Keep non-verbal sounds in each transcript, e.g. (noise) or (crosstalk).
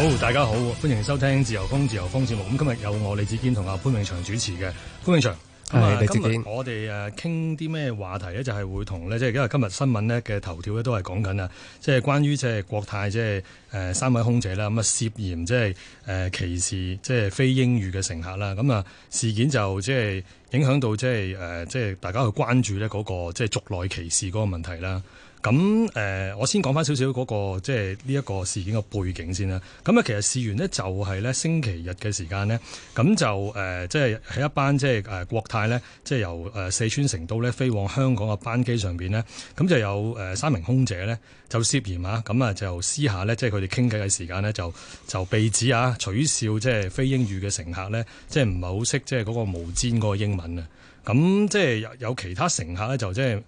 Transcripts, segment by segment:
好，大家好，歡迎收聽自由風自由風節目。咁今日有我李子堅同阿潘永祥主持嘅，潘永祥，係李子堅。我哋誒，傾啲咩話題咧？就係會同咧，即係因為今日新聞咧嘅頭條咧都係講緊啊，即係關於即係國泰即係誒三位空姐啦，咁啊，涉嫌即係誒歧視即係非英語嘅乘客啦。咁啊，事件就即係影響到即係誒，即係大家去關注咧嗰個即係族內歧視嗰個問題啦。咁誒、呃，我先講翻少少嗰、那個即係呢一個事件嘅背景先啦。咁其實事緣呢，就係咧星期日嘅時間呢，咁就誒、呃，即係喺一班即係誒國泰咧，即係由四川成都咧飛往香港嘅班機上面呢，咁就有三名空姐咧就涉嫌啊，咁啊就私下咧即係佢哋傾偈嘅時間呢，就就被指啊取笑即係非英語嘅乘客咧，即係唔係好識即係嗰個無尖嗰個英文啊。咁即係有其他乘客咧就即係。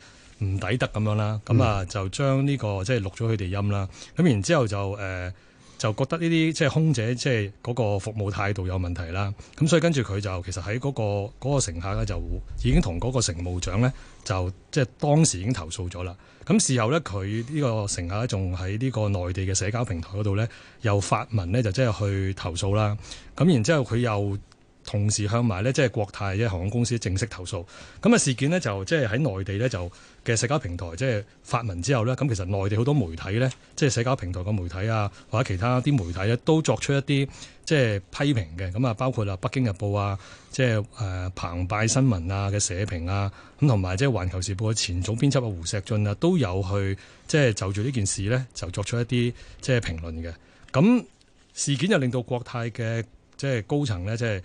唔抵得咁樣啦，咁啊就將呢個即係錄咗佢哋音啦，咁然之後就就覺得呢啲即係空姐即係嗰個服務態度有問題啦，咁所以跟住佢就其實喺嗰個嗰個乘客咧就已經同嗰個乘務長咧就即係當時已經投訴咗啦，咁事後咧佢呢個乘客仲喺呢個內地嘅社交平台嗰度咧又發文咧就即係去投訴啦，咁然之後佢又。同時向埋咧，即係國泰嘅航空公司正式投訴。咁啊，事件呢，就即係喺內地呢，就嘅社交平台即係發文之後呢。咁其實內地好多媒體呢，即係社交平台嘅媒體啊，或者其他啲媒體呢，都作出一啲即係批評嘅。咁啊，包括啊《北京日報》啊，即係誒《澎湃新聞》啊嘅社評啊，咁同埋即係《環球時報》嘅前總編輯啊胡錫進啊，都有去即係就住呢件事呢，就作出一啲即係評論嘅。咁事件就令到國泰嘅即係高層呢，即係。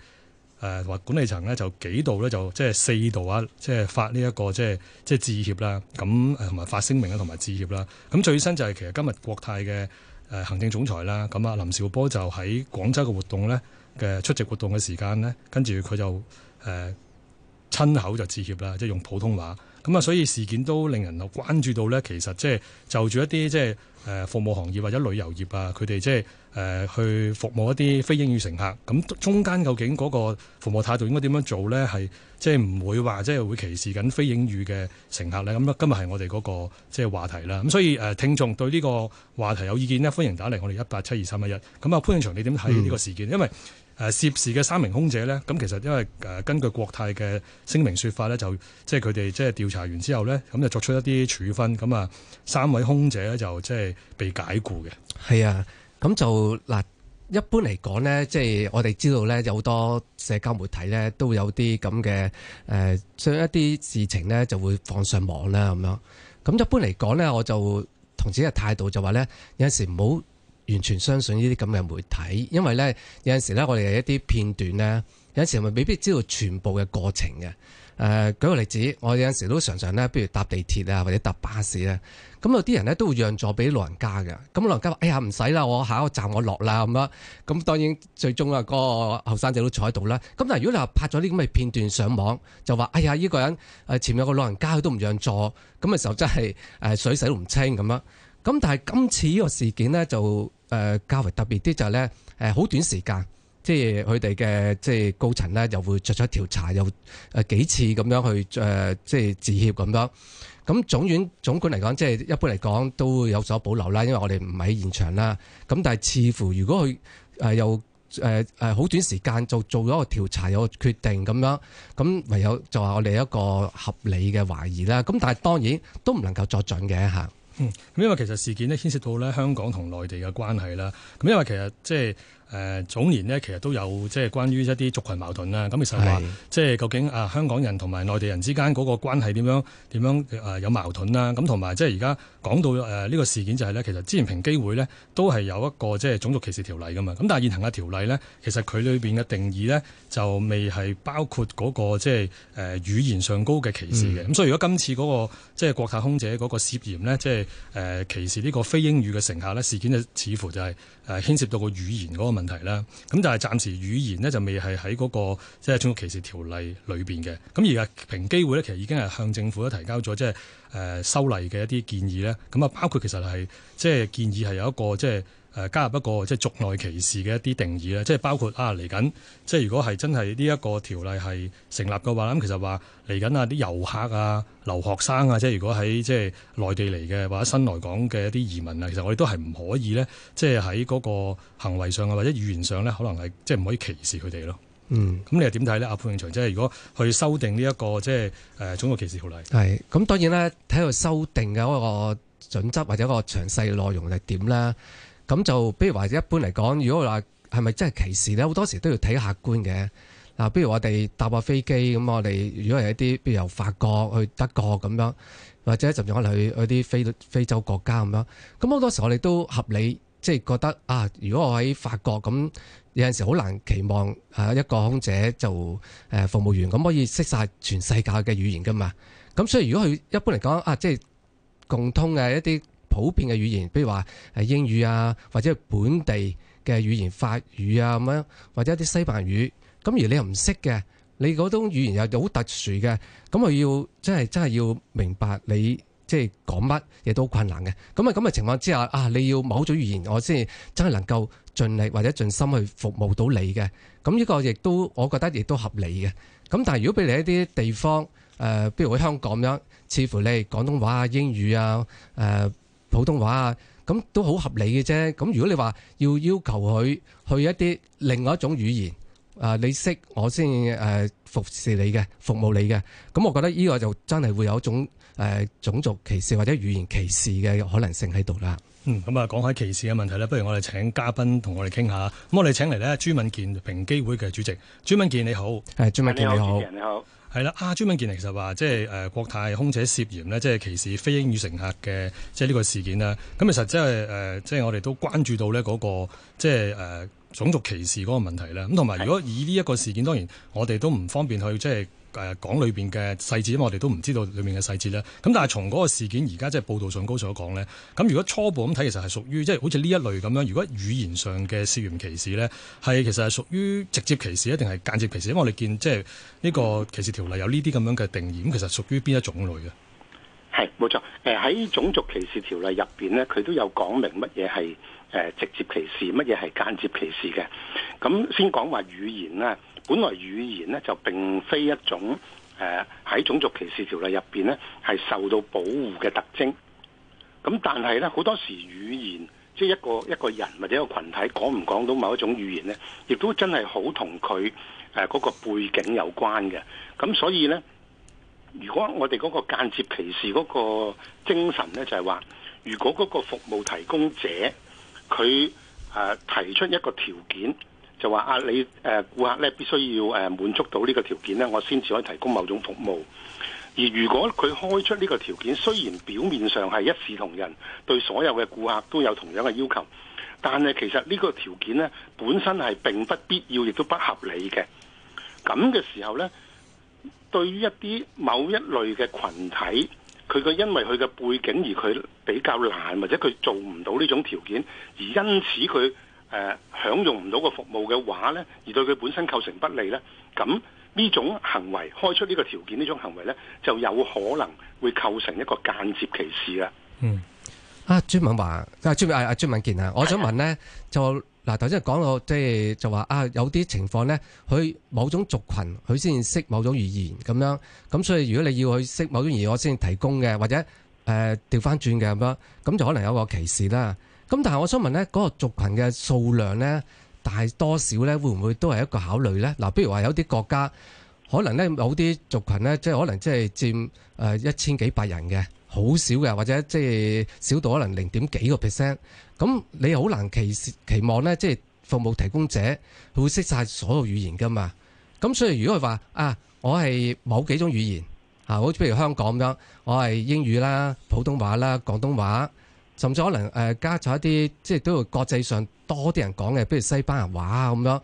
誒或、呃、管理層呢，就幾度呢，就即係四度啊，即係發呢、這、一個即係即係致歉啦。咁同埋發聲明和啊，同埋致歉啦。咁最新就係其實今日國泰嘅誒、呃、行政總裁啦，咁啊林紹波就喺廣州嘅活動呢嘅出席活動嘅時間呢，跟住佢就誒、啊、親口就致歉啦，即係用普通話咁啊。所以事件都令人關注到呢，其實即係就住一啲即係。就是誒服務行業或者旅遊業啊，佢哋即係誒去服務一啲非英語乘客，咁中間究竟嗰個服務態度應該點樣做咧？係即係唔會話即係會歧視緊非英語嘅乘客咧。咁今日係我哋嗰個即係話題啦。咁所以誒、呃，聽眾對呢個話題有意見呢？歡迎打嚟我哋一八七二三一一。咁啊，潘永祥，你點睇呢個事件？嗯、因為誒、啊、涉事嘅三名空姐咧，咁其實因為誒根據國泰嘅聲明説法咧，就即係佢哋即係調查完之後咧，咁就作出一啲處分。咁啊，三位空姐呢就即、就、係、係。被解僱嘅係啊，咁就嗱，一般嚟講呢，即係我哋知道呢，有好多社交媒體呢都有啲咁嘅誒，將一啲事情呢就會放上網啦，咁樣。咁一般嚟講呢，我就同自己嘅態度就話呢，有陣時唔好完全相信呢啲咁嘅媒體，因為呢，有陣時呢我哋係一啲片段呢，有陣時未必知道全部嘅過程嘅。誒，舉個例子，我有陣時都常常呢，比如搭地鐵啊，或者搭巴士咧。咁有啲人咧都會讓座俾老人家嘅。咁老人家話，哎呀，唔使啦，我下一個站我落啦。咁樣，咁當然最終啊，個後生仔都坐喺度啦。咁但係如果你話拍咗啲咁嘅片段上網，就話，哎呀，呢個人前面有個老人家佢都唔讓座，咁嘅時候真係水洗都唔清咁啦。咁但係今次呢個事件呢，就誒較為特別啲，就係咧誒好短時間。即係佢哋嘅即係高層咧，又會作出調查，又誒幾次咁樣去誒即係致歉咁樣。咁總院總管嚟講，即係一般嚟講都會有所保留啦，因為我哋唔喺現場啦。咁但係似乎如果佢誒又誒誒好短時間做做咗個調查，有個決定咁樣，咁唯有就話我哋一個合理嘅懷疑啦。咁但係當然都唔能夠作準嘅嚇。嗯，因為其實事件咧牽涉到咧香港同內地嘅關係啦。咁因為其實即係。誒早年呢其實都有即係關於一啲族群矛盾啦。咁其實話話，即係究竟啊香港人同埋內地人之間嗰個關係點樣點樣有矛盾啦？咁同埋即係而家講到呢個事件，就係、是、呢，其實之前平機會呢都係有一個即係種族歧視條例㗎嘛。咁但係現行嘅條例呢，其實佢裏面嘅定義呢，就未係包括嗰個即係誒語言上高嘅歧視嘅。咁、嗯、所以如果今次嗰、那個即係、就是、國泰空姐嗰個涉嫌呢，即、就、係、是、歧視呢個非英語嘅乘客呢，事件就似乎就係誒牽涉到個語言嗰、那個。問題啦，咁但係暫時語言呢、那個，就未係喺嗰個即係《種族歧視條例裏面》裏邊嘅。咁而家平機會呢，其實已經係向政府都提交咗即係誒修例嘅一啲建議呢。咁啊，包括其實係即係建議係有一個即係。就是誒加入一個即係族內歧視嘅一啲定義咧，即係包括啊嚟緊，即係如果係真係呢一個條例係成立嘅話，咁其實話嚟緊啊啲遊客啊、留學生啊，即係如果喺即係內地嚟嘅或者新來港嘅一啲移民啊，其實我哋都係唔可以咧，即係喺嗰個行為上啊，或者語言上咧，可能係即係唔可以歧視佢哋咯。嗯，咁你又點睇咧？阿傅永祥，即係如果去修訂呢、這、一個即係誒種族歧視條例，係咁當然咧，睇度修訂嘅嗰個準則或者一個詳細內容係點咧？咁就，比如話一般嚟講，如果話，係咪真係歧視咧，好多時都要睇客觀嘅。嗱、啊，比如我哋搭下飛機，咁我哋如果係一啲，譬如由法國去德國咁樣，或者甚至可能去去啲非非洲國家咁樣，咁好多時我哋都合理，即係覺得啊，如果我喺法國咁有陣時好難期望啊一個空姐就服務員咁可以識晒全世界嘅語言噶嘛。咁所以如果佢一般嚟講啊，即係共通嘅一啲。普遍嘅語言，比如話係英語啊，或者本地嘅語言，法語啊咁樣，或者一啲西班牙語。咁而你又唔識嘅，你嗰種語言又好特殊嘅，咁我要真係真係要明白你即係講乜嘢都好困難嘅。咁啊咁嘅情況之下啊，你要某種語言，我先真係能夠盡力或者盡心去服務到你嘅。咁呢個亦都我覺得亦都合理嘅。咁但係如果俾你一啲地方，誒、呃，譬如我喺香港咁樣，似乎你廣東話啊、英語啊、誒、呃、普通話啊，咁都好合理嘅啫。咁如果你話要要求佢去一啲另外一種語言啊，你識我先服侍你嘅服務你嘅，咁我覺得呢個就真係會有一種、呃、種族歧視或者語言歧視嘅可能性喺度啦。嗯，咁啊講開歧視嘅問題咧，不如我哋請嘉賓同我哋傾下。咁我哋請嚟咧，朱敏健，平機會嘅主席。朱敏健你好，係、啊、朱敏健你好。係啦，阿、啊、朱敏健其實話即係誒國泰空姐涉嫌呢，即係歧視非英語乘客嘅即係呢個事件啦。咁其實、呃、即係即係我哋都關注到咧、那、嗰個即係誒、呃、種族歧視嗰個問題咧。咁同埋如果以呢一個事件，當然我哋都唔方便去即係。誒講裏邊嘅細節，因為我哋都唔知道裏面嘅細節咧。咁但係從嗰個事件而家即係報道上高所講咧，咁如果初步咁睇，其實係屬於即係、就是、好似呢一類咁樣。如果語言上嘅涉嫌歧視咧，係其實係屬於直接歧視，一定係間接歧視。因為我哋見即係呢個歧視條例有呢啲咁樣嘅定義，咁其實屬於邊一種類嘅？係冇錯，誒喺種族歧視條例入邊咧，佢都有講明乜嘢係誒直接歧視，乜嘢係間接歧視嘅。咁先講話語言呢。本來語言咧就並非一種誒喺、呃、種族歧視條例入面咧係受到保護嘅特徵。咁但係咧好多時語言即係、就是、一個一個人或者一個群體講唔講到某一種語言咧，亦都真係好同佢誒嗰個背景有關嘅。咁所以咧，如果我哋嗰個間接歧視嗰個精神咧，就係、是、話，如果嗰個服務提供者佢誒、呃、提出一個條件。就話啊，你誒顧客咧必須要誒滿足到呢個條件咧，我先至可以提供某種服務。而如果佢開出呢個條件，雖然表面上係一視同仁，對所有嘅顧客都有同樣嘅要求，但係其實呢個條件咧本身係並不必要，亦都不合理嘅。咁嘅時候咧，對於一啲某一類嘅群體，佢嘅因為佢嘅背景而佢比較難，或者佢做唔到呢種條件，而因此佢。誒，享用唔到個服務嘅話咧，而對佢本身構成不利咧，咁呢種行為開出呢個條件，呢種行為咧，就有可能會構成一個間接歧視啦。嗯，啊，朱敏華，啊朱、啊啊、朱敏健啊，我想問咧，就嗱頭先講到即係就話啊，有啲情況咧，佢某種族群佢先識某種語言咁樣，咁所以如果你要佢識某種語言，我先提供嘅，或者誒調返轉嘅咁樣，咁就可能有個歧視啦。咁但係我想問呢，嗰個族群嘅數量呢，大多少呢會唔會都係一個考慮呢？嗱，譬如話有啲國家可能呢，某啲族群呢，即係可能即係佔一千幾百人嘅，好少嘅，或者即係少到可能零點幾個 percent。咁你好難期期望呢，即係服務提供者會識晒所有語言噶嘛？咁所以如果佢話啊，我係某幾種語言啊，好似譬如香港咁樣我係英語啦、普通話啦、廣東話。甚至可能誒加咗一啲，即係都要國際上多啲人講嘅，比如西班牙話咁樣。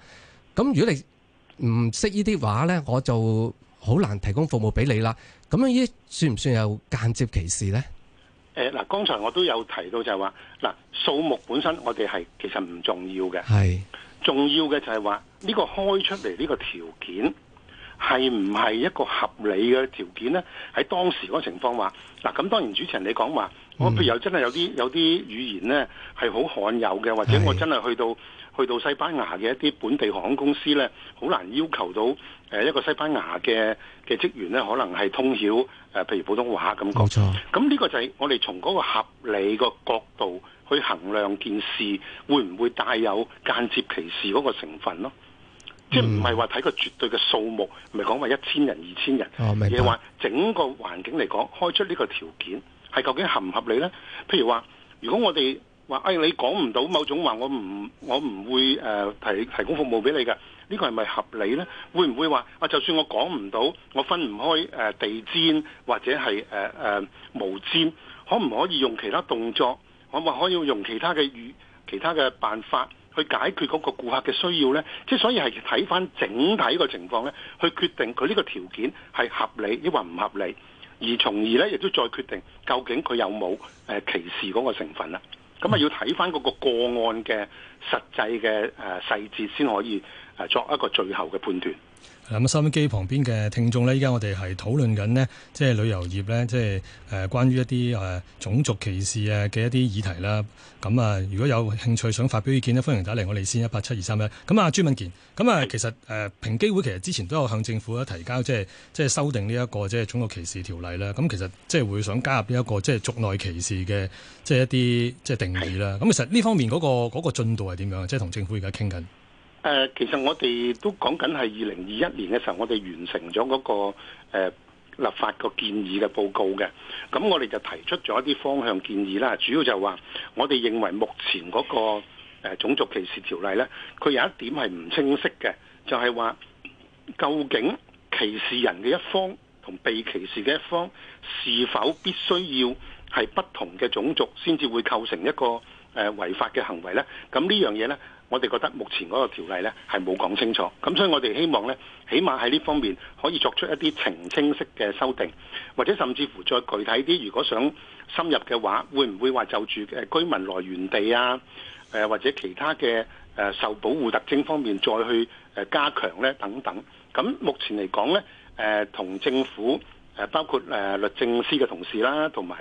咁如果你唔識呢啲話咧，我就好難提供服務俾你啦。咁樣呢啲算唔算有間接歧視咧？誒嗱、呃，剛才我都有提到就係話，嗱，數目本身我哋係其實唔重要嘅，係是重要嘅就係話呢個開出嚟呢個條件。係唔係一個合理嘅條件呢？喺當時嗰情況話，嗱咁當然主持人你講話，我譬如真係有啲有啲語言呢係好罕有嘅，或者我真係去到是的 去到西班牙嘅一啲本地航空公司呢，好難要求到、呃、一個西班牙嘅嘅職員呢可能係通曉、呃、譬如普通話咁。冇錯，咁呢個就係我哋從嗰個合理個角度去衡量件事，會唔會帶有間接歧視嗰個成分咯？即係唔係話睇個絕對嘅數目，唔係講話一千人、二千人，哦、而係話整個環境嚟講，開出呢個條件係究竟合唔合理呢？譬如話，如果我哋話哎你講唔到某種話，我唔我唔會誒、呃、提提供服務俾你嘅，呢、呢個係咪合理呢？會唔會話啊？就算我講唔到，我分唔開誒、呃、地氈或者係誒誒毛氈，可唔可以用其他動作？可唔可以用其他嘅語其他嘅辦法？去解決嗰個顧客嘅需要呢，即係所以係睇返整體個情況呢，去決定佢呢個條件係合理抑或唔合理，而從而呢，亦都再決定究竟佢有冇誒歧視嗰個成分啦。咁啊要睇返嗰個個案嘅實際嘅誒細節先可以誒作一個最後嘅判斷。咁收音機旁邊嘅聽眾呢，依家我哋係討論緊呢，即係旅遊業呢，即係誒關於一啲誒種族歧視嘅嘅一啲議題啦。咁啊，如果有興趣想發表意見呢，歡迎打嚟我哋先一八七二三一。咁啊，朱敏健，咁啊，其實誒、呃、平機會其實之前都有向政府提交，即係即係修訂呢一個即係種族歧視條例啦。咁其實即係會想加入呢、這、一個即係、就是、族內歧視嘅即係一啲即係定義啦。咁其實呢方面嗰、那個嗰、那個、進度係點樣，即係同政府而家傾緊。誒，其實我哋都講緊係二零二一年嘅時候，我哋完成咗嗰個立法個建議嘅報告嘅。咁我哋就提出咗一啲方向建議啦，主要就係話我哋認為目前嗰個誒種族歧視條例呢，佢有一點係唔清晰嘅，就係話究竟歧視人嘅一方同被歧視嘅一方是否必須要係不同嘅種族先至會構成一個誒違法嘅行為呢？咁呢樣嘢呢。我哋覺得目前嗰個條例呢係冇講清楚，咁所以我哋希望呢，起碼喺呢方面可以作出一啲澄清式嘅修訂，或者甚至乎再具體啲，如果想深入嘅話，會唔會話就住居民來源地啊，呃、或者其他嘅、呃、受保護特徵方面再去、呃、加強呢？等等。咁目前嚟講呢，同、呃、政府、呃、包括、呃、律政司嘅同事啦，同埋。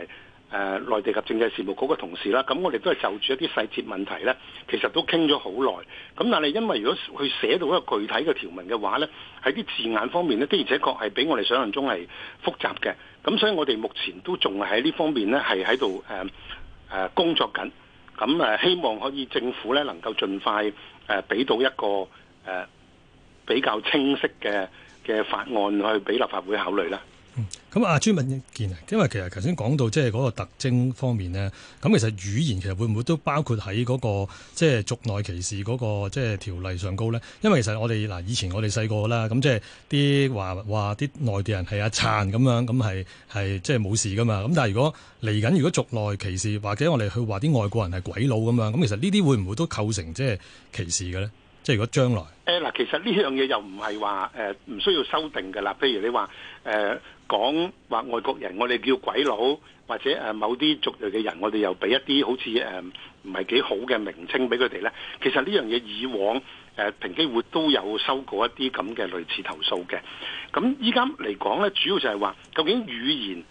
誒、呃，內地及政制事務局嘅同事啦，咁我哋都係就住一啲細節問題咧，其實都傾咗好耐。咁但係因為如果佢寫到一個具體嘅條文嘅話咧，喺啲字眼方面咧，的而且確係比我哋想像中係複雜嘅。咁所以我哋目前都仲係喺呢方面咧，係喺度誒工作緊。咁希望可以政府咧能夠盡快誒俾到一個、呃、比較清晰嘅嘅法案去俾立法會考慮啦。咁啊，朱敏健啊，因為其實頭先講到即係嗰個特徵方面咧，咁其實語言其實會唔會都包括喺嗰個即係族內歧視嗰個即係條例上高咧？因為其實我哋嗱以前我哋細個啦，咁即係啲話話啲內地人係阿燦咁樣，咁係係即係冇事噶嘛。咁但係如果嚟緊如果族內歧視，或者我哋去話啲外國人係鬼佬咁樣，咁其實呢啲會唔會都構成即係歧視嘅咧？即係如果將來誒嗱，其實呢樣嘢又唔係話誒唔需要修訂嘅啦。譬如你話講話外國人，我哋叫鬼佬，或者誒某啲族類嘅人，我哋又俾一啲好似誒唔係幾好嘅名稱俾佢哋呢。其實呢樣嘢以往誒平機會都有收過一啲咁嘅類似投訴嘅。咁依家嚟講呢，主要就係話究竟語言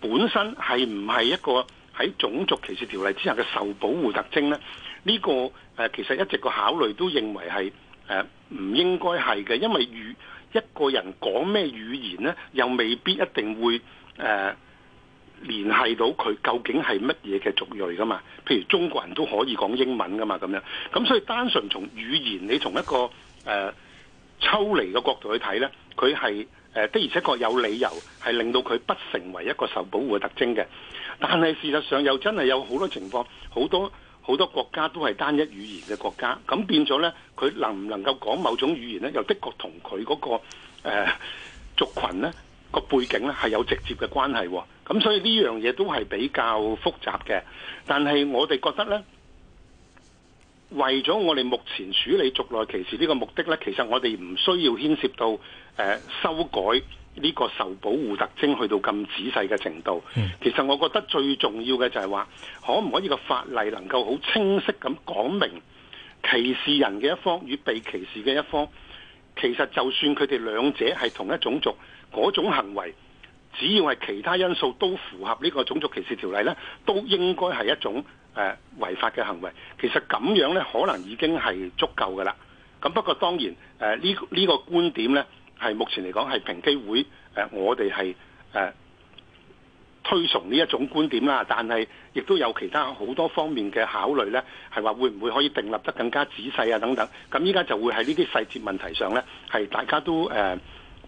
本身係唔係一個喺種族歧視條例之下嘅受保護特徵呢？呢、呢個誒、呃、其實一直個考慮都認為係誒唔應該係嘅，因為語。一個人講咩語言呢，又未必一定會誒、呃、聯繫到佢究竟係乜嘢嘅族裔㗎嘛？譬如中國人都可以講英文㗎嘛，咁樣。咁所以單純從語言，你從一個、呃、抽離嘅角度去睇呢，佢係、呃、的而且確有理由係令到佢不成為一個受保護嘅特徵嘅。但係事實上又真係有好多情況，好多。好多國家都係單一語言嘅國家，咁變咗呢，佢能唔能夠講某種語言呢？又的確同佢嗰個、呃、族群呢個背景呢係有直接嘅關係，哦，咁所以呢樣嘢都係比較複雜嘅。但係我哋覺得呢，為咗我哋目前處理族內歧視呢個目的呢，其實我哋唔需要牽涉到誒、呃、修改。呢個受保護特徵去到咁仔細嘅程度，其實我覺得最重要嘅就係話，可唔可以個法例能夠好清晰咁講明歧視人嘅一方與被歧視嘅一方，其實就算佢哋兩者係同一種族，嗰種行為，只要係其他因素都符合呢個種族歧視條例呢，都應該係一種誒、呃、違法嘅行為。其實咁樣呢，可能已經係足夠噶啦。咁不過當然誒呢，呢個觀點呢。係目前嚟講係平機會，誒、呃，我哋係誒推崇呢一種觀點啦，但係亦都有其他好多方面嘅考慮咧，係話會唔會可以訂立得更加仔細啊？等等，咁依家就會喺呢啲細節問題上咧，係大家都誒、呃、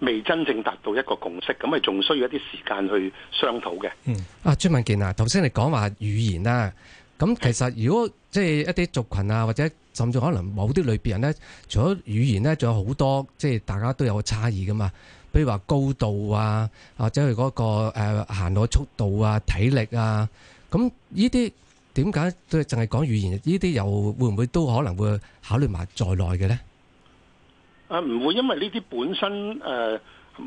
未真正達到一個共識，咁咪仲需要一啲時間去商討嘅。嗯，阿朱敏健啊，頭先你講話語言啦、啊，咁其實如果是即係一啲族群啊或者。甚至可能某啲類別人咧，除咗語言咧，仲有好多即係大家都有個差異噶嘛。比如話高度啊，或者佢嗰個誒行路速度啊、體力啊，咁呢啲點解都淨係講語言？呢啲又會唔會都可能會考慮埋在內嘅咧？啊，唔會，因為呢啲本身誒，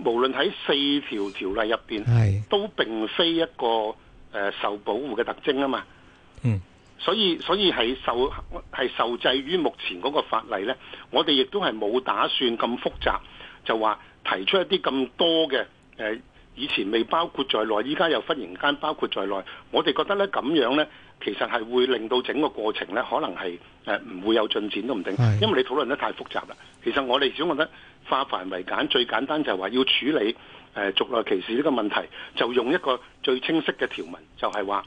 無論喺四條條例入邊，係都並非一個誒受保護嘅特徵啊嘛。嗯。所以所以係受係受制於目前嗰個法例咧，我哋亦都係冇打算咁複雜，就話提出一啲咁多嘅誒、呃、以前未包括在內，依家又忽然間包括在內，我哋覺得咧咁樣咧，其實，係會令到整個過程咧，可能係誒唔會有進展都唔定，是因為你討論得太複雜啦。其實，我哋始終覺得化繁為簡，最簡單就係話要處理誒族內歧視呢個問題，就用一個最清晰嘅條文，就係、是、話。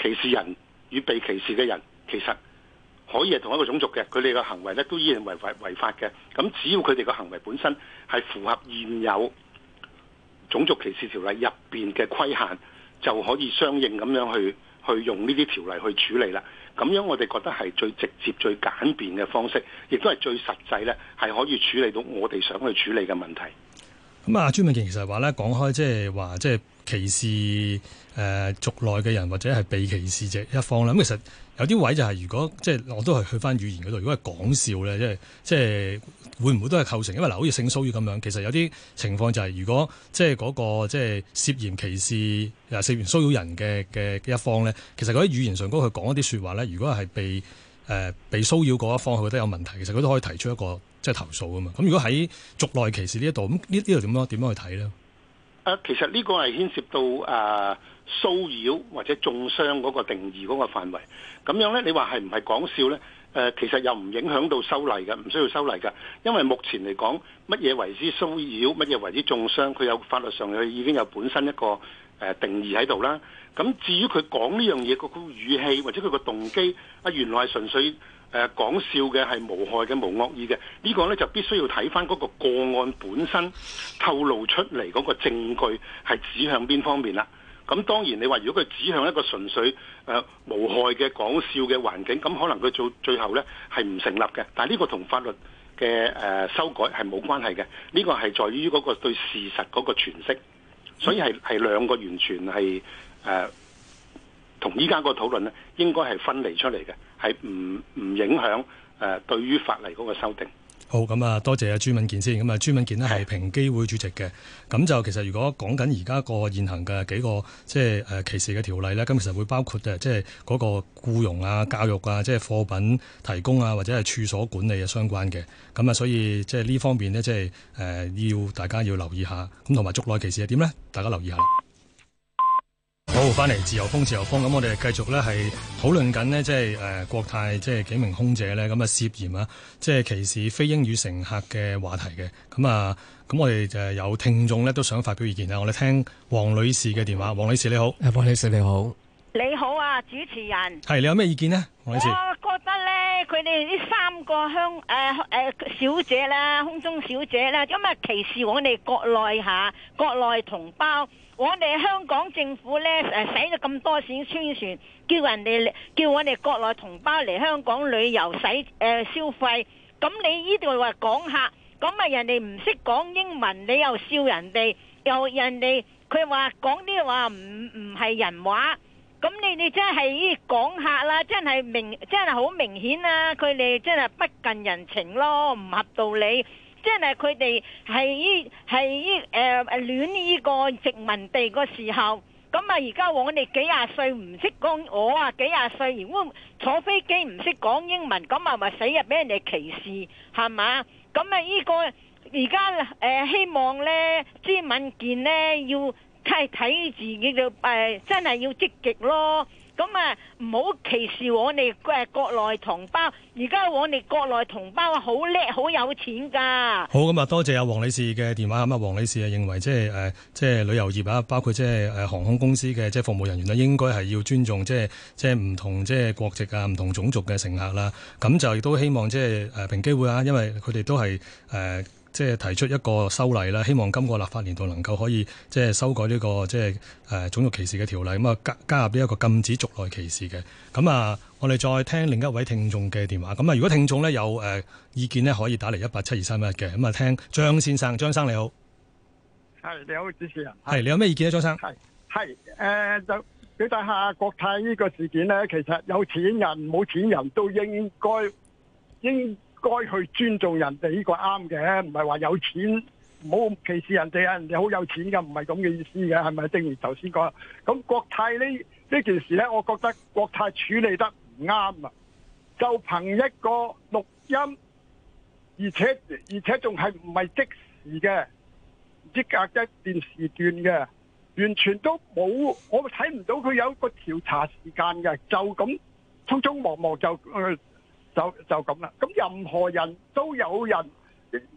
歧視人與被歧視嘅人，其實可以係同一個種族嘅，佢哋嘅行為咧都依然為違違法嘅。咁只要佢哋嘅行為本身係符合現有種族歧視條例入邊嘅規限，就可以相應咁樣去去用呢啲條例去處理啦。咁樣我哋覺得係最直接、最簡便嘅方式，亦都係最實際咧，係可以處理到我哋想去處理嘅問題。咁、嗯、啊，朱敏健其實話咧，講開即係話即係歧視。誒族內嘅人或者係被歧視者一方啦，咁其實有啲位就係如果即係我都係去翻語言嗰度，如果係講笑咧，即係即係會唔會都係構成？因為嗱，好似性騷擾咁樣，其實有啲情況就係如果即係嗰個即係涉嫌歧視啊、涉嫌騷擾人嘅嘅一方咧，其實佢喺語言上佢講的一啲説話咧，如果係被誒被騷擾嗰一方，佢覺得有問題，其實佢都可以提出一個即係投訴啊嘛。咁如果喺族內歧視呢一度，咁呢呢度點咯？點樣去睇咧？啊，其實呢個係牽涉到啊。騷擾或者中傷嗰個定義嗰個範圍，咁樣咧，你話係唔係講笑咧？誒、呃，其實又唔影響到修例嘅，唔需要修例嘅，因為目前嚟講，乜嘢為之騷擾，乜嘢為之中傷，佢有法律上佢已經有本身一個誒、呃、定義喺度啦。咁至於佢講呢樣嘢嗰個語氣或者佢個動機，啊、呃，原來係純粹誒、呃、講笑嘅，係無害嘅、無惡意嘅，這個、呢個咧就必須要睇返嗰個個案本身透露出嚟嗰個證據係指向邊方面啦。咁當然，你話如果佢指向一個純粹誒無害嘅講笑嘅環境，咁可能佢做最後呢係唔成立嘅。但係呢個同法律嘅誒修改係冇關係嘅，呢個係在於嗰個對事實嗰個詮釋，所以係係兩個完全係誒同依家個討論咧，應該係分離出嚟嘅，係唔唔影響誒對於法例嗰個修訂。好，咁啊，多謝啊朱敏健先，咁啊，朱敏健呢係平機會主席嘅，咁就的其實如果講緊而家個現行嘅幾個即係誒歧視嘅條例咧，咁其實會包括嘅，即係嗰個僱傭啊、教育啊、即係貨品提供啊，或者係處所管理啊相關嘅，咁啊，所以即係呢方面呢，即係誒要大家要留意一下，咁同埋族內歧視係點咧？大家留意一下。好，翻嚟自由風，自由風。咁，我哋繼續咧係討論緊呢，即係誒國泰即係幾名空姐咧，咁啊涉嫌啊，即係歧視非英語乘客嘅話題嘅。咁啊，咁我哋就係有聽眾咧都想發表意見啊。我哋聽黃女士嘅電話，黃女士你好，黃女士你好，你好啊，主持人，係你有咩意見呢？黃女士？佢哋呢三個香誒誒小姐啦，空中小姐啦，咁啊歧視我哋國內下，國內同胞，我哋香港政府咧誒使咗咁多錢宣傳，叫人哋叫我哋國內同胞嚟香港旅遊使誒消費，咁你呢度話講客，咁啊人哋唔識講英文，你又笑人哋，又人哋佢話講啲話唔唔係人話。咁你你真係講客啦，真係明真係好明顯啦、啊，佢哋真係不近人情咯，唔合道理。真係佢哋係依係依誒誒亂呢個殖民地個時候，咁啊而家我哋幾廿歲唔識講我啊幾廿歲，如果坐飛機唔識講英文，咁啊咪死啊！俾人哋歧視係嘛？咁啊呢個而家、呃、希望咧，朱敏健咧要。睇睇自己就誒、呃，真係要積極咯。咁啊，唔好歧視我哋誒、呃、國內同胞。而家我哋國內同胞好叻，好有錢噶。好咁啊、嗯，多謝阿黃女士嘅電話。咁啊，黃女士啊，認為即係誒，即係旅遊業啊，包括即係誒航空公司嘅即係服務人員啊，應該係要尊重即係即係唔同即係、呃、國籍啊、唔同種族嘅乘客啦。咁就亦都希望即係誒，平機會啊，因為佢哋都係誒。呃即係提出一個修例啦，希望今個立法年度能夠可以即係修改呢、這個即係誒種族歧視嘅條例，咁啊加加入呢一個禁止族內歧視嘅。咁啊，我哋再聽另一位聽眾嘅電話。咁啊，如果聽眾咧有誒、呃、意見咧，可以打嚟一八七二三一嘅。咁啊，聽張先生，張生你好。係，你好主持人。係，你有咩意見咧，張生？係，係誒就表達下國泰呢個事件咧，其實有錢人冇錢人都應該應。該去尊重人哋呢個啱嘅，唔係話有錢唔好歧視人哋啊！人哋好有錢嘅，唔係咁嘅意思嘅，係咪？正如頭先講，咁國泰呢呢件事呢，我覺得國泰處理得唔啱啊！就憑一個錄音，而且而且仲係唔係即時嘅，即隔一段時段嘅，完全都冇，我睇唔到佢有一個調查時間嘅，就咁匆匆忙忙就就就咁啦，咁任何人都有人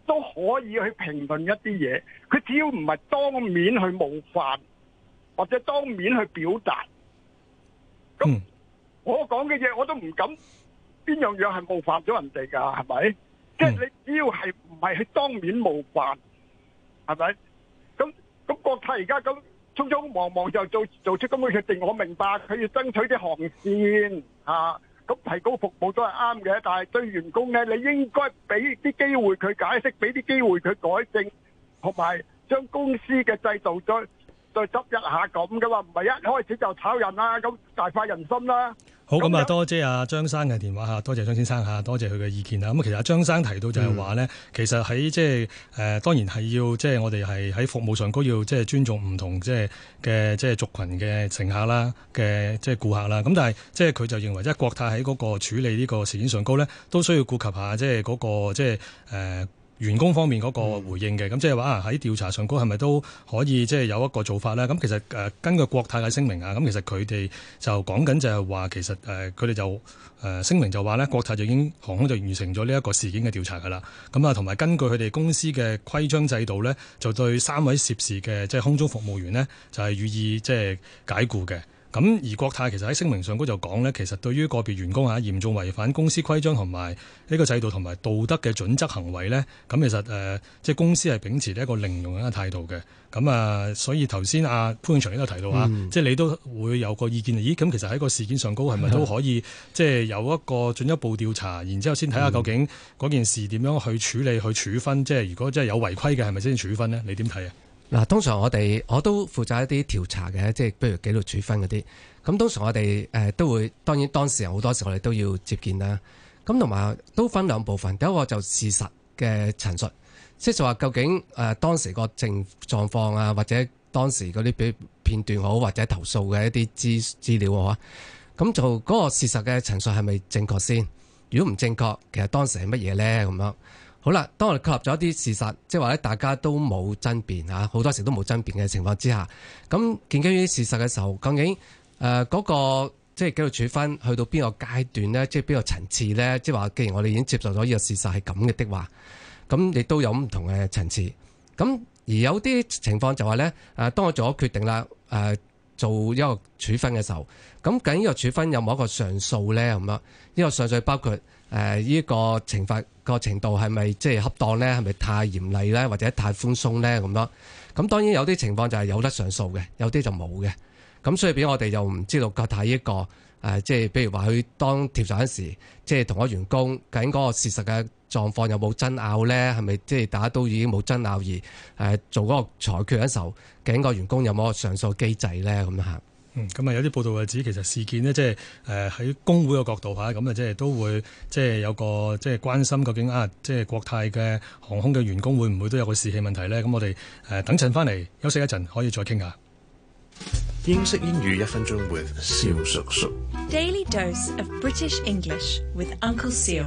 都可以去評論一啲嘢，佢只要唔係當面去冒犯或者當面去表達，咁我講嘅嘢我都唔敢，邊樣樣係冒犯咗人哋噶？係咪？即係你只要係唔係去當面冒犯，係咪？咁咁國泰而家咁匆匆忙忙就做做出咁嘅決定，我明白佢要爭取啲航線啊。咁提高服務都係啱嘅，但係對員工咧，你應該俾啲機會佢解釋，俾啲機會佢改正，同埋將公司嘅制度再再執一下咁嘅話，唔係一開始就炒人啦，咁大快人心啦。嗯、好咁啊，多謝阿張生嘅電話嚇，多謝張先生嚇，多謝佢嘅意見啦。咁其實阿張生提到就係話咧，嗯、其實喺即係誒，當然係要即係我哋係喺服務上高要即係尊重唔同即係嘅即係族群嘅乘客啦，嘅即係顧客啦。咁但係即係佢就認為即係國泰喺嗰個處理呢個事件上高咧，都需要顧及下即係、那、嗰個即係誒。呃員工方面嗰個回應嘅，咁即係話喺調查上高係咪都可以即係有一個做法呢？咁其實誒根據國泰嘅聲明啊，咁其實佢哋就講緊就係話其實誒佢哋就誒聲明就話呢，國泰就已經航空就完成咗呢一個事件嘅調查噶啦。咁啊，同埋根據佢哋公司嘅規章制度呢，就對三位涉事嘅即係空中服務員呢，就係、是、予以即係解僱嘅。咁而國泰其實喺聲明上高就講呢，其實對於個別員工啊嚴重違反公司規章同埋呢個制度同埋道德嘅準則行為呢，咁其實誒、呃、即係公司係秉持一個零容忍嘅態度嘅。咁啊，所以頭先啊，潘永祥都有提到啊，嗯、即係你都會有個意見。咦？咁其實喺個事件上高係咪都可以是的 即係有一個進一步調查，然之後先睇下究竟嗰件事點樣去處理、嗯、去處分？即係如果真係有違規嘅，係咪先處分呢？你點睇啊？嗱，通常我哋我都負責一啲調查嘅，即係譬如紀律處分嗰啲。咁通常我哋都會，當然當事人好多時候我哋都要接見啦。咁同埋都分兩部分，第一個就是、事實嘅陳述，即係就話究竟誒當時個情狀況啊，或者當時嗰啲比片段好或者投訴嘅一啲資,資料啊，咁就嗰個事實嘅陳述係咪正確先？如果唔正確，其實當時係乜嘢呢？咁樣。好啦，當我哋確立咗一啲事實，即係話咧，大家都冇爭辯啊，好多時都冇爭辯嘅情況之下，咁建基於事實嘅時候，究竟誒嗰、呃嗰個即係幾個處分去到邊個階段咧？即係邊個層次咧？即係話，既然我哋已經接受咗呢個事實係咁嘅的話，咁亦都有唔同嘅層次。咁而有啲情況就話咧，誒、呃、當我做咗決定啦、呃，做一個處分嘅時候，咁究竟個處分有冇一個上訴咧？咁呢、呢個上訴包括？誒依、呃這個懲罰、這個程度係咪即係恰當咧？係咪太嚴厲咧？或者太寬鬆咧？咁咯。咁當然有啲情況就係有得上訴嘅，有啲就冇嘅。咁所以俾我哋又唔知道、這個太依個誒，即係譬如話佢當調查嗰時，即係同個員工究竟嗰個事實嘅狀況有冇爭拗咧？係咪即係大家都已經冇爭拗而誒做嗰個裁決嘅時候，究竟個員工有冇上訴機制咧？咁樣嚇。嗯，咁啊有啲報道又指其實事件呢，即係誒喺工會嘅角度嚇，咁啊即係都會即係有個即係關心究竟啊，即係、啊、國泰嘅航空嘅員工會唔會都有個士氣問題咧？咁、嗯、我哋誒、呃、等陣翻嚟休息一陣，可以再傾下。英式英語一分鐘 with Seal 叔叔。Daily dose of British English with Uncle Seal。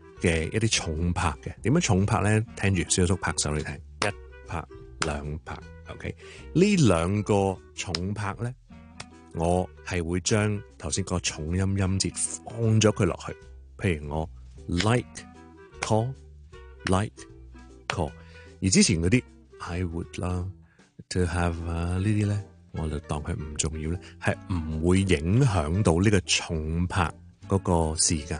嘅一啲重拍嘅，點樣重拍咧？聽住小叔拍手嚟聽，一拍兩拍，OK？呢兩個重拍咧，我係會將頭先個重音音節放咗佢落去。譬如我 like call like call，而之前嗰啲 I would 啦、to have 啊呢啲咧，我就當佢唔重要咧，係唔會影響到呢個重拍嗰個時間。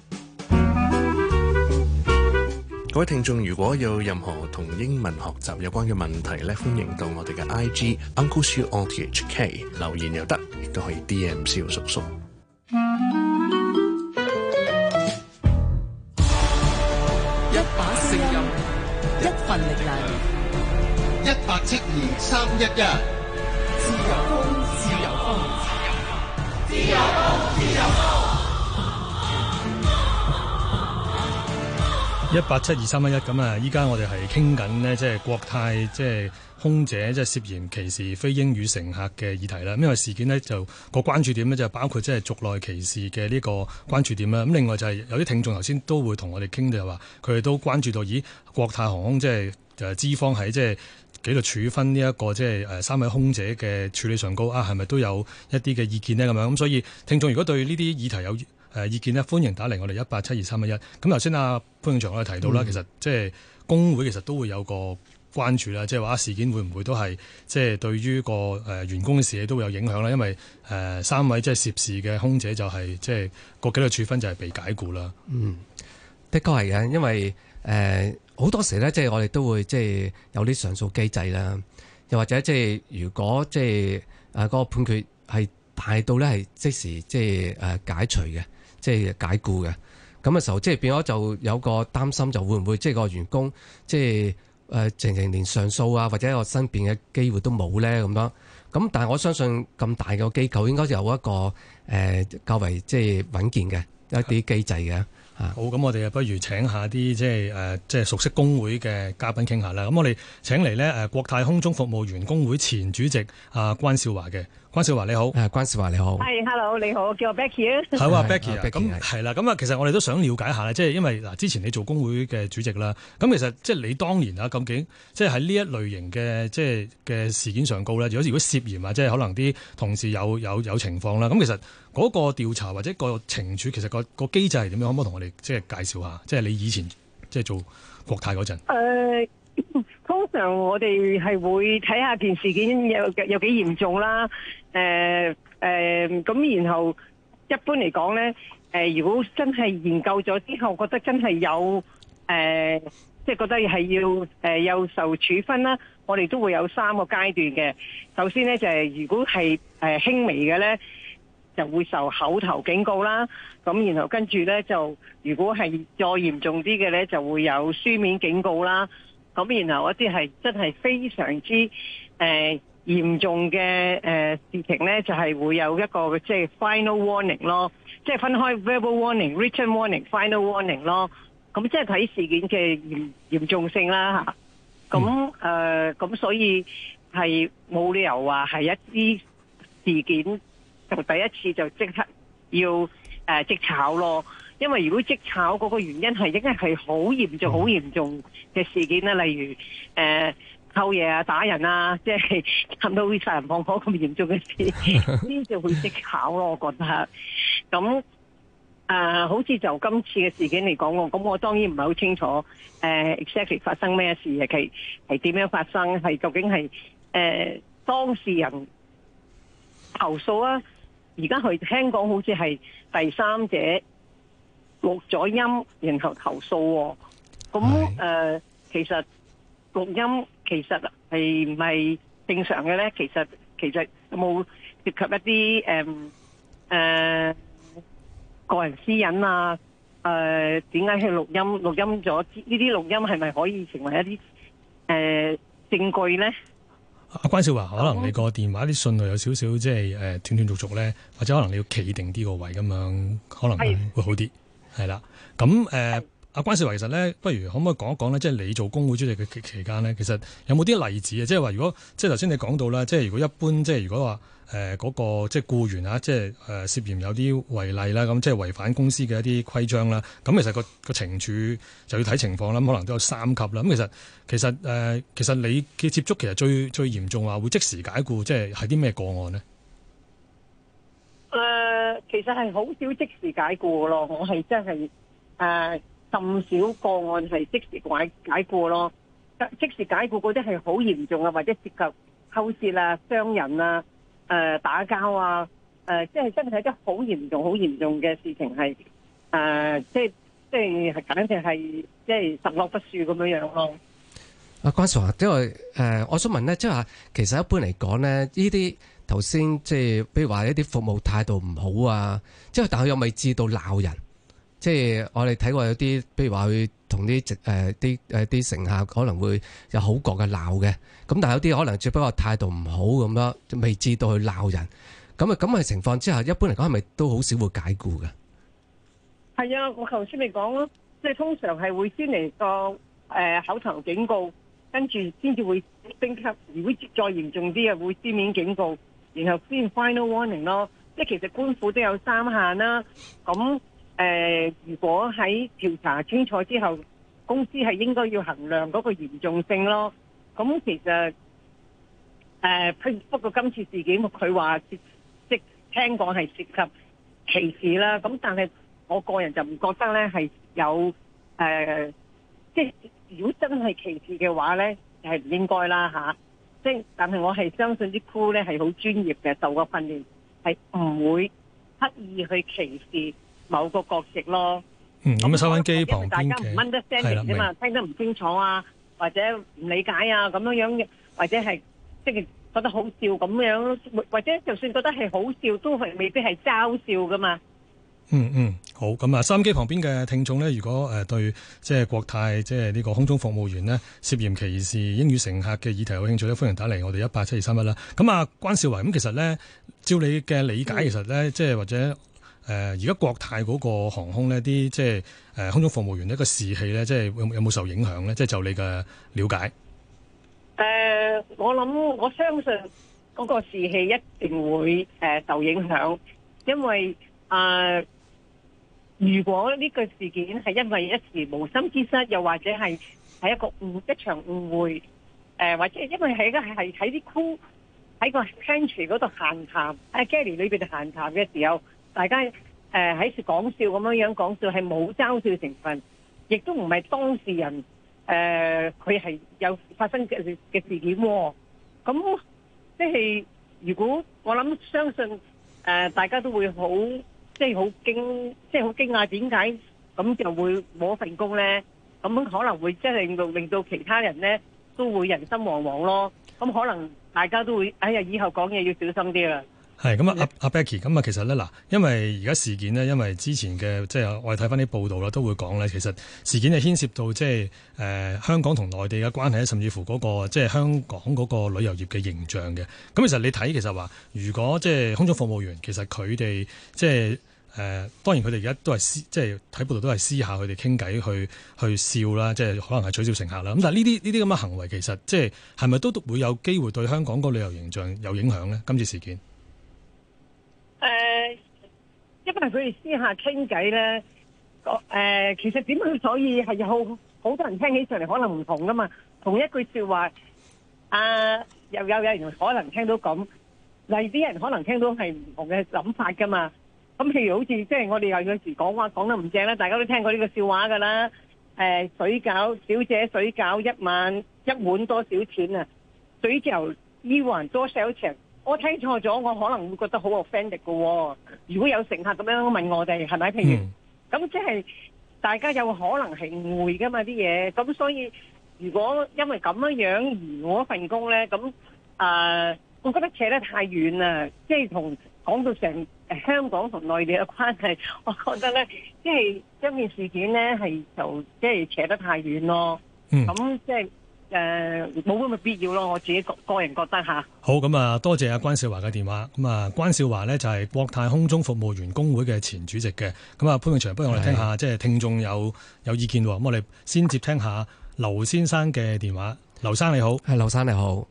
各位聽眾，如果有任何同英文學習有關嘅問題咧，歡迎到我哋嘅 I G Uncle Siu O T H K 留言又得，亦都可以 D M 蕭叔叔。一把聲音，一份力量，一八七二三一一。自由風，自由風，自由風，自由風。自由風。一八七二三一一咁啊！依家我哋係傾緊呢，即係國泰即係空姐即係涉嫌歧視非英語乘客嘅議題啦。因為事件呢，就個關注點呢，就包括即係族內歧視嘅呢個關注點啦。咁另外就係有啲聽眾頭先都會同我哋傾，就係話佢哋都關注到，咦？國泰航空即係誒資方喺即係紀律處分呢一個即係誒三位空姐嘅處理上高啊，係咪都有一啲嘅意見呢？咁樣咁，所以聽眾如果對呢啲議題有，誒意見咧，歡迎打嚟我哋一八七二三一一。咁頭先阿潘永祥咧提到啦，嗯、其實即係工會其實都會有個關注啦，即係話事件會唔會都係即係對於個誒員工嘅事業都會有影響啦。因為誒三位即係涉事嘅空姐就係即係個幾個處分就係被解雇啦。嗯，的確係嘅，因為誒好、呃、多時咧，即係我哋都會即係有啲上訴機制啦，又或者即係如果即係啊個判決係大到咧係即時即係誒解除嘅。即係解僱嘅，咁嘅時候即係變咗就有個擔心，就會唔會即係個員工即係誒，情情連上訴啊，或者有申辯嘅機會都冇咧咁樣。咁但係我相信咁大嘅機構應該有一個誒、呃、較為即係穩健嘅一啲機制嘅。是啊、好，咁我哋不如請下啲即係誒即係熟悉工會嘅嘉賓傾下啦。咁我哋請嚟咧誒國泰空中服務員工會前主席阿、呃、關笑華嘅。關笑華你好，係關笑華你好，係 hello 你好，我叫我 Becky (laughs) 啊。好啊，Becky，咁係啦，咁啊，here, 那啊其實我哋都想了解一下咧，即係因為嗱，之前你做工會嘅主席啦，咁其實即係你當年啊，究竟即係喺呢一類型嘅即係嘅事件上高咧，如果如果涉嫌啊，即係可能啲同事有有有情況啦，咁其實嗰個調查或者個懲處，其實個個機制係點樣，可唔可以同我哋即係介紹下？即係你以前即係做國泰嗰陣。Uh 呃、我哋係會睇下件事件有有幾嚴重啦，誒、呃、誒，咁、呃、然後一般嚟講呢，誒、呃、如果真係研究咗之後，覺得真係有誒，即、呃、係、就是、覺得係要誒又、呃、受處分啦，我哋都會有三個階段嘅。首先呢，就係、是、如果係誒輕微嘅呢，就會受口頭警告啦。咁然後跟住呢，就如果係再嚴重啲嘅呢，就會有書面警告啦。咁然後一啲係真係非常之誒嚴、呃、重嘅誒、呃、事情咧，就係、是、會有一個、就是、即係 final warning 咯，即係分開 verbal warning、written warning、final warning 咯。咁即係睇事件嘅嚴、嚴重性啦吓。咁誒咁所以係冇理由話係一啲事件就第一次就即刻要誒、呃、即炒咯。因為如果即炒嗰、那個原因係，應該係好嚴重、好、嗯、嚴重嘅事件啦。例如，誒、呃，偷嘢啊，打人啊，即係差唔多會殺人放火咁嚴重嘅事，呢 (laughs) (laughs) 就會即炒咯。我覺得，咁誒、呃，好似就今次嘅事件嚟講，我咁我當然唔係好清楚，誒、呃、，exactly 發生咩事啊？其係點樣發生？係究竟係誒、呃、當事人投訴啊？而家佢聽講好似係第三者。錄咗音，然後投訴，咁誒，其實錄音其實係唔係正常嘅咧？其實其實有冇涉及一啲誒誒個人私隱啊？誒，點解去錄音？錄音咗呢啲錄音係咪可以成為一啲誒證據咧？阿關笑華，可能你個電話啲信號有少少即係誒斷斷續續咧，或者可能你要企定啲個位咁樣，可能會好啲。係啦，咁誒，阿、呃、關笑華其實咧，不如可唔可以講一講咧？即係你做工會主席嘅期間間咧，其實有冇啲例子啊、就是？即係話如果即係頭先你講到啦，即係如果一般即係如果話誒嗰個即係僱員啊，即係誒涉嫌有啲違例啦，咁即係違反公司嘅一啲規章啦，咁其實個個懲處就要睇情況啦，可能都有三級啦。咁其實其實誒、呃、其實你嘅接觸其實最最嚴重話會即時解雇即係係啲咩個案呢？誒、呃，其實係好少即時解僱咯，我係真係誒、呃、甚少個案係即時解解僱咯。即時解僱嗰啲係好嚴重啊，或者涉及偷竊啊、傷人啊、誒、呃、打交啊、誒即係真係一啲好嚴重、好嚴重嘅事情係誒、呃、即即係簡直係即係十惡不赦咁樣樣咯。阿、呃、關 Sir，即係誒，我想問咧，即係話其實一般嚟講咧，呢啲。頭先即係，譬如話一啲服務態度唔好啊，即係但係佢又未至到鬧人，即係我哋睇過有啲，譬如話佢同啲直誒啲誒啲乘客可能會有好惡嘅鬧嘅，咁但係有啲可能只不過態度唔好噉樣，未至到去鬧人，咁啊咁嘅情況之下，一般嚟講係咪都好少會解雇㗎？係啊，我頭先咪講咯，即係通常係會先嚟個誒口頭警告，跟住先至會升級，如果再嚴重啲啊，會書面警告。然後先 final warning 咯，即係其實官府都有三限啦。咁誒、呃，如果喺調查清楚之後，公司係應該要衡量嗰個嚴重性咯。咁其實誒、呃，不過今次事件，佢話涉即聽講係涉及歧視啦。咁但係我個人就唔覺得咧係有誒、呃，即係如果真係歧視嘅話咧，係、就、唔、是、應該啦嚇。啊。即但係我係相信啲 crew 咧係好專業嘅，受過訓練係唔會刻意去歧視某個角色咯。嗯，咁、嗯、啊那收音機旁邊聽嘅係啦，聽得唔清楚啊，的或者唔理解啊，咁樣樣或者係即係覺得好笑咁樣，或者就算覺得係好笑都未必係嘲笑㗎嘛。嗯嗯好咁啊，收音機旁邊嘅聽眾咧，如果誒、呃、對即係、就是、國泰即係呢個空中服務員咧涉嫌歧視英語乘客嘅議題有興趣咧，歡迎打嚟我哋一八七二三一啦。咁、嗯、啊，關笑華咁其實咧，照你嘅理解，其實咧即係或者誒而家國泰嗰個航空呢啲即係誒空中服務員的氣呢個士氣咧，即、就、係、是、有沒有冇受影響咧？即、就、係、是、就你嘅了解。誒、呃，我諗我相信嗰個士氣一定會誒、呃、受影響，因為啊。呃如果呢個事件係因為一時無心之失，又或者係係一個一場誤會，誒、呃、或者因為喺個係喺啲 crew 喺個 pantry 嗰度閒談喺 galley 裏面度閒談嘅時候，大家誒喺講笑咁樣樣講笑係冇嘲笑成分，亦都唔係當事人誒佢係有發生嘅嘅事件喎、哦，咁即係如果我諗相信誒、呃、大家都會好。即係好驚，即係好驚訝點解咁就會冇份工咧？咁可能會即係令令到其他人咧都會人心惶惶咯。咁可能大家都會哎呀，以後講嘢要小心啲啦。係咁啊，阿阿 Becky，咁啊其實咧嗱，因為而家事件咧，因為之前嘅即係我哋睇翻啲報道啦，都會講咧，其實事件係牽涉到即係誒、呃、香港同內地嘅關係，甚至乎嗰、嗰個即係香港嗰個旅遊業嘅形象嘅。咁其實你睇其實話，如果即係空中服務員，其實佢哋即係。誒、呃，當然佢哋而家都係私，即係睇報道都係私下佢哋傾偈，去去笑啦，即係可能係取笑乘客啦。咁但係呢啲呢啲咁嘅行為，其實即係係咪都會有機會對香港個旅遊形象有影響咧？今次事件誒、呃，因為佢哋私下傾偈咧，誒、呃，其實點解所以係有好多人聽起上嚟可能唔同噶嘛？同一句説話，啊、呃，有有有人可能聽到咁，嗱，啲人可能聽到係唔同嘅諗法噶嘛？咁譬如好似即係我哋又有時講話講得唔正啦，大家都聽過呢個笑話噶啦。誒、呃、水餃小姐水餃一晚一碗多少錢啊？水餃呢碗多少錢，我聽錯咗，我可能會覺得好 offend 嘅㗎、哦、喎。如果有乘客咁樣問我哋，係咪？譬如咁、mm. 即係大家有可能係誤會㗎嘛啲嘢。咁所以如果因為咁樣樣而我份工咧，咁啊、呃，我覺得扯得太遠啦，即係同。講到成、呃、香港同內地嘅關係，我覺得咧，即係一件事件咧，係就即係扯得太遠咯。咁即係誒，冇咁嘅必要咯。我自己個個人覺得吓。好，咁、嗯、啊，多謝阿關笑華嘅電話。咁、嗯、啊，關笑華咧就係、是、國泰空中服務員工會嘅前主席嘅。咁、嗯、啊，潘永祥，不如我哋聽一下，即係的聽眾有有意見，咁、嗯、我哋先接聽一下劉先生嘅電話。劉生你好，係劉生你好，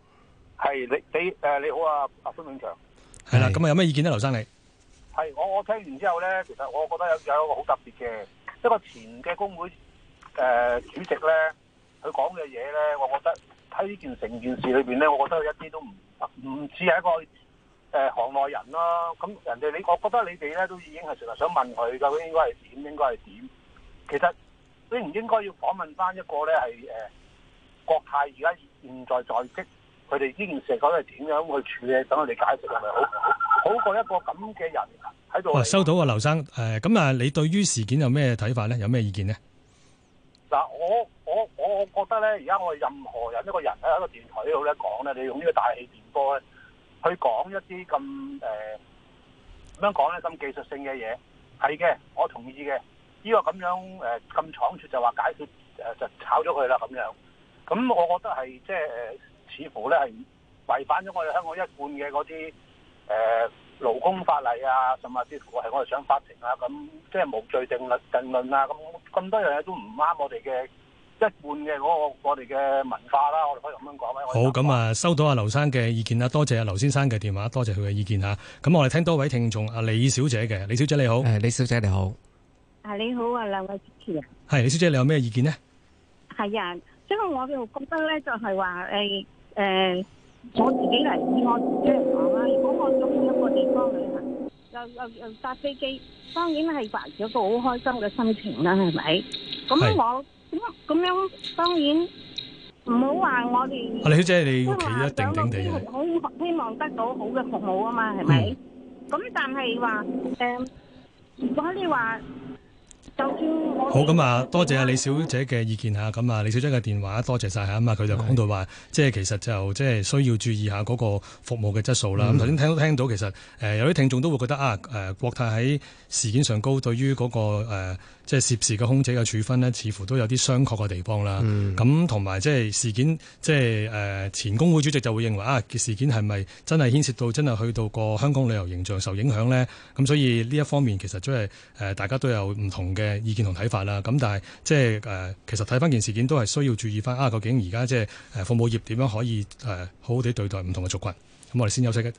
係你你誒你好啊，阿潘永祥。係啦，咁啊有咩意見咧，劉生你？係我我聽完之後咧，其實我覺得有有一個好特別嘅，一個前嘅工會誒、呃、主席咧，佢講嘅嘢咧，我覺得喺呢件成件事裏邊咧，我覺得佢一啲都唔唔似係一個誒、呃、行內人咯。咁人哋你，我覺得你哋咧都已經係成日想問佢究竟應該係點，應該係點。其實你唔應該要訪問翻一個咧係誒國泰而家現在在職。佢哋呢件事講係點樣去處理，等我哋解釋係咪好好，好過一個咁嘅人喺度，哦？收到啊，劉生誒咁啊！呃、你對於事件有咩睇法咧？有咩意見咧？嗱，我我我覺得咧，而家我任何人一個人喺一個電台度咧講咧，你用呢個大氣電波去講一啲咁誒咁樣講咧咁技術性嘅嘢，係嘅，我同意嘅。呢、這個咁樣誒咁倉促就話解決誒就炒咗佢啦咁樣。咁、呃、我覺得係即係。呃似乎咧係違反咗我哋香港一貫嘅嗰啲誒勞工法例啊，甚至乎係我哋上法庭啊，咁即係無罪定論定論啊，咁咁多樣嘢都唔啱我哋嘅一貫嘅嗰、嗰個我哋嘅文化啦、啊，我哋可以咁樣講。樣說好，咁啊收到阿劉生嘅意見啦，多謝阿劉先生嘅電話，多謝佢嘅意見嚇。咁我哋聽多位聽眾阿李小姐嘅，李小姐你好。誒，李小姐你好。你好啊，你好啊，兩位主持人。係，李小姐你有咩意見呢？係啊，即係我又覺得咧，就係話誒。哎誒，我自己嚟，我自己嚟講啦。如果我去一個地方旅行，又又又搭飛機，當然係帶有一個好開心嘅心情啦，係咪？咁我咁咁樣，當然唔好話我哋。阿李小姐，你係一定定定嘅。好希望得到好嘅服務啊嘛，係咪？咁但係話誒，如果你話。好咁啊，多謝阿李小姐嘅意見吓，咁啊李小姐嘅電話多謝晒吓，咁啊佢就講到話，是即係其實就即係需要注意下嗰個服務嘅質素啦。咁頭先聽都聽到，其實誒、呃、有啲聽眾都會覺得啊，誒、呃、國泰喺事件上高，對於嗰、嗰個誒。呃即係涉事嘅空姐嘅處分似乎都有啲商榷嘅地方啦。咁同埋即係事件，即係誒前工會主席就會認為啊，事件係咪真係牽涉到真係去到個香港旅遊形象受影響呢？咁所以呢一方面其實都係大家都有唔同嘅意見同睇法啦。咁但係即係誒其實睇翻件事件都係需要注意翻啊，究竟而家即係誒服務業點樣可以誒好好地對待唔同嘅族群？咁我哋先休息一下。